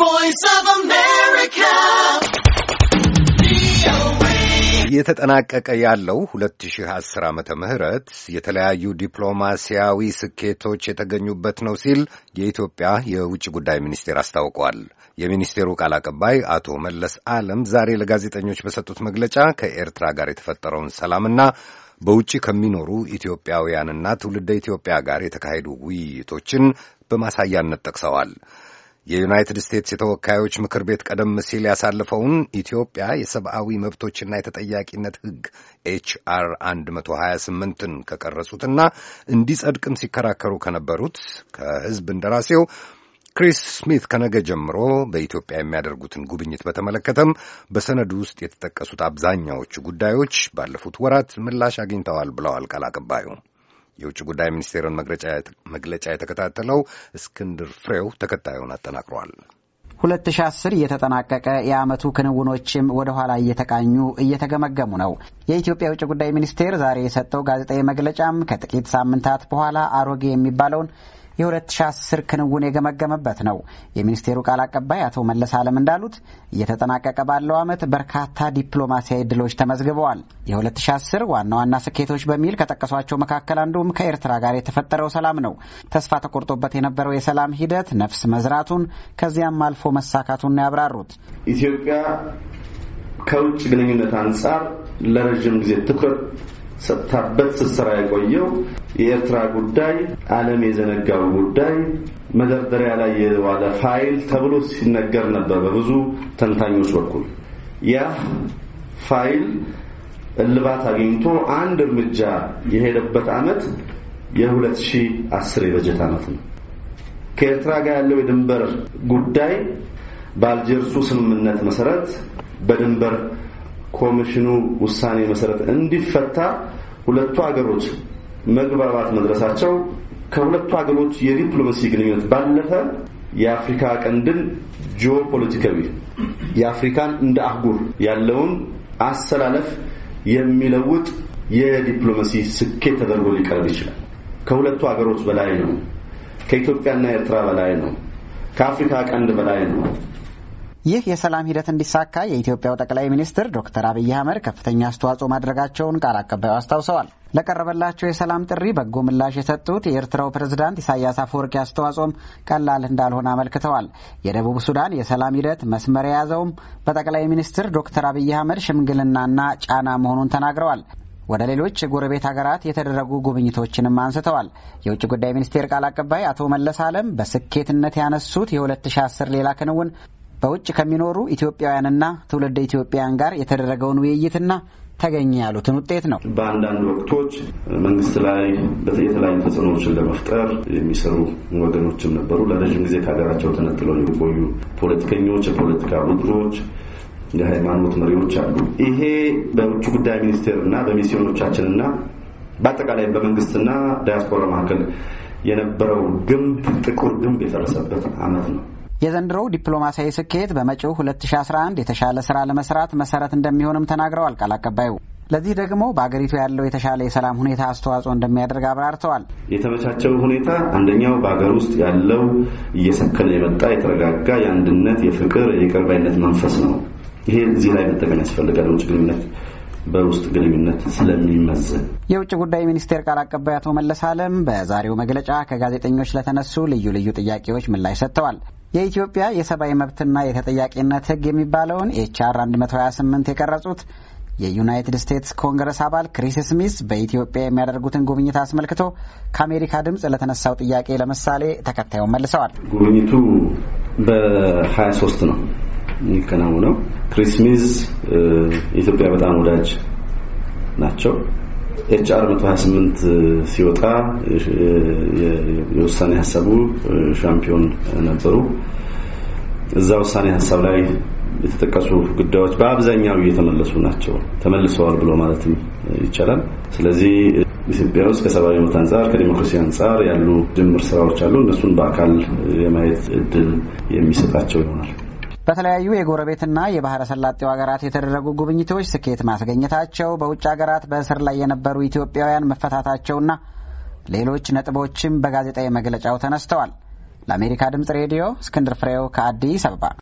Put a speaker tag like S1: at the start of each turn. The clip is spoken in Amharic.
S1: voice of America.
S2: እየተጠናቀቀ ያለው 2010 ዓመተ ምህረት የተለያዩ ዲፕሎማሲያዊ ስኬቶች የተገኙበት ነው ሲል የኢትዮጵያ የውጭ ጉዳይ ሚኒስቴር አስታውቋል። የሚኒስቴሩ ቃል አቀባይ አቶ መለስ አለም ዛሬ ለጋዜጠኞች በሰጡት መግለጫ ከኤርትራ ጋር የተፈጠረውን ሰላምና በውጭ ከሚኖሩ ኢትዮጵያውያንና ትውልደ ኢትዮጵያ ጋር የተካሄዱ ውይይቶችን በማሳያነት ጠቅሰዋል። የዩናይትድ ስቴትስ የተወካዮች ምክር ቤት ቀደም ሲል ያሳለፈውን ኢትዮጵያ የሰብአዊ መብቶችና የተጠያቂነት ሕግ ኤችአር 128ን ከቀረጹትና እንዲጸድቅም ሲከራከሩ ከነበሩት ከሕዝብ እንደራሴው ክሪስ ስሚት ከነገ ጀምሮ በኢትዮጵያ የሚያደርጉትን ጉብኝት በተመለከተም በሰነዱ ውስጥ የተጠቀሱት አብዛኛዎቹ ጉዳዮች ባለፉት ወራት ምላሽ አግኝተዋል ብለዋል ቃል አቀባዩ። የውጭ ጉዳይ ሚኒስቴርን መግለጫ የተከታተለው እስክንድር ፍሬው ተከታዩን አጠናቅሯል።
S3: 2010 እየተጠናቀቀ የዓመቱ ክንውኖችም ወደ ኋላ እየተቃኙ እየተገመገሙ ነው። የኢትዮጵያ የውጭ ጉዳይ ሚኒስቴር ዛሬ የሰጠው ጋዜጣዊ መግለጫም ከጥቂት ሳምንታት በኋላ አሮጌ የሚባለውን የ2010 ክንውን የገመገመበት ነው። የሚኒስቴሩ ቃል አቀባይ አቶ መለስ አለም እንዳሉት እየተጠናቀቀ ባለው ዓመት በርካታ ዲፕሎማሲያዊ ድሎች ተመዝግበዋል። የ2010 ዋና ዋና ስኬቶች በሚል ከጠቀሷቸው መካከል አንዱም ከኤርትራ ጋር የተፈጠረው ሰላም ነው። ተስፋ ተቆርጦበት የነበረው የሰላም ሂደት ነፍስ መዝራቱን ከዚያም አልፎ መሳካቱን ያብራሩት።
S1: ኢትዮጵያ ከውጭ ግንኙነት አንጻር ለረዥም ጊዜ ትኩረት ሰጥታበት ስትሰራ የቆየው የኤርትራ ጉዳይ ዓለም የዘነጋው ጉዳይ መደርደሪያ ላይ የዋለ ፋይል ተብሎ ሲነገር ነበር በብዙ ተንታኞች በኩል። ያ ፋይል እልባት አግኝቶ አንድ እርምጃ የሄደበት ዓመት የ2010 የበጀት ዓመት ነው። ከኤርትራ ጋር ያለው የድንበር ጉዳይ በአልጀርሱ ስምምነት መሰረት በድንበር ኮሚሽኑ ውሳኔ መሰረት እንዲፈታ ሁለቱ አገሮች መግባባት መድረሳቸው ከሁለቱ ሀገሮች የዲፕሎማሲ ግንኙነት ባለፈ የአፍሪካ ቀንድን ጂኦፖለቲካዊ የአፍሪካን እንደ አህጉር ያለውን አሰላለፍ የሚለውጥ የዲፕሎማሲ ስኬት ተደርጎ ሊቀርብ ይችላል። ከሁለቱ ሀገሮች በላይ ነው። ከኢትዮጵያና ኤርትራ በላይ ነው። ከአፍሪካ ቀንድ በላይ ነው።
S3: ይህ የሰላም ሂደት እንዲሳካ የኢትዮጵያው ጠቅላይ ሚኒስትር ዶክተር አብይ አህመድ ከፍተኛ አስተዋጽኦ ማድረጋቸውን ቃል አቀባዩ አስታውሰዋል። ለቀረበላቸው የሰላም ጥሪ በጎ ምላሽ የሰጡት የኤርትራው ፕሬዝዳንት ኢሳያስ አፈወርቂ አስተዋጽኦም ቀላል እንዳልሆነ አመልክተዋል። የደቡብ ሱዳን የሰላም ሂደት መስመር የያዘውም በጠቅላይ ሚኒስትር ዶክተር አብይ አህመድ ሽምግልናና ጫና መሆኑን ተናግረዋል። ወደ ሌሎች የጎረቤት ሀገራት የተደረጉ ጉብኝቶችንም አንስተዋል። የውጭ ጉዳይ ሚኒስቴር ቃል አቀባይ አቶ መለስ አለም በስኬትነት ያነሱት የ2010 ሌላ ክንውን በውጭ ከሚኖሩ ኢትዮጵያውያንና ትውልድ ኢትዮጵያውያን ጋር የተደረገውን ውይይትና ተገኘ ያሉትን ውጤት ነው።
S1: በአንዳንድ ወቅቶች መንግስት ላይ የተለያዩ ተጽዕኖዎችን ለመፍጠር የሚሰሩ ወገኖችም ነበሩ። ለረዥም ጊዜ ከሀገራቸው ተነጥለው የቆዩ ፖለቲከኞች፣ የፖለቲካ ቡድኖች የሃይማኖት መሪዎች አሉ። ይሄ በውጭ ጉዳይ ሚኒስቴር እና በሚስዮኖቻችን እና በአጠቃላይ በመንግስትና ዳያስፖራ መካከል የነበረው ግንብ ጥቁር ግንብ የፈረሰበት አመት ነው።
S3: የዘንድሮው ዲፕሎማሲያዊ ስኬት በመጪው 2011 የተሻለ ስራ ለመስራት መሰረት እንደሚሆንም ተናግረዋል ቃል አቀባዩ። ለዚህ ደግሞ በአገሪቱ ያለው የተሻለ የሰላም ሁኔታ አስተዋጽኦ እንደሚያደርግ አብራርተዋል።
S1: የተመቻቸው ሁኔታ አንደኛው በሀገር ውስጥ ያለው እየሰከነ የመጣ የተረጋጋ የአንድነት፣ የፍቅር፣ የቅርባይነት መንፈስ ነው። ይሄ እዚህ ላይ መጠቀም ያስፈልጋል። ውጭ ግንኙነት በውስጥ ግንኙነት ስለሚመዘን።
S3: የውጭ ጉዳይ ሚኒስቴር ቃል አቀባይ አቶ መለስ አለም በዛሬው መግለጫ ከጋዜጠኞች ለተነሱ ልዩ ልዩ ጥያቄዎች ምላሽ ሰጥተዋል። የኢትዮጵያ የሰብአዊ መብትና የተጠያቂነት ሕግ የሚባለውን ኤችአር 128 የቀረጹት የዩናይትድ ስቴትስ ኮንግረስ አባል ክሪስ ስሚስ በኢትዮጵያ የሚያደርጉትን ጉብኝት አስመልክቶ ከአሜሪካ ድምፅ ለተነሳው ጥያቄ ለምሳሌ ተከታዩን መልሰዋል።
S1: ጉብኝቱ በ23 ነው የሚከናወነው ክሪስ የኢትዮጵያ በጣም ወዳጅ ናቸው። ኤች አር 128 ሲወጣ የውሳኔ ሀሳቡ ሻምፒዮን ነበሩ። እዛ ውሳኔ ሀሳብ ላይ የተጠቀሱ ጉዳዮች በአብዛኛው እየተመለሱ ናቸው ተመልሰዋል ብሎ ማለትም ይቻላል። ስለዚህ ኢትዮጵያ ውስጥ ከሰብአዊ መብት አንጻር ከዲሞክራሲ አንጻር ያሉ ድምር ስራዎች አሉ። እነሱን በአካል የማየት እድል የሚሰጣቸው ይሆናል።
S3: በተለያዩ የጎረቤትና የባህረ ሰላጤው ሀገራት የተደረጉ ጉብኝቶች ስኬት ማስገኘታቸው፣ በውጭ ሀገራት በእስር ላይ የነበሩ ኢትዮጵያውያን መፈታታቸውና ሌሎች ነጥቦችም በጋዜጣዊ መግለጫው ተነስተዋል። ለአሜሪካ ድምፅ ሬዲዮ እስክንድር ፍሬው ከአዲስ አበባ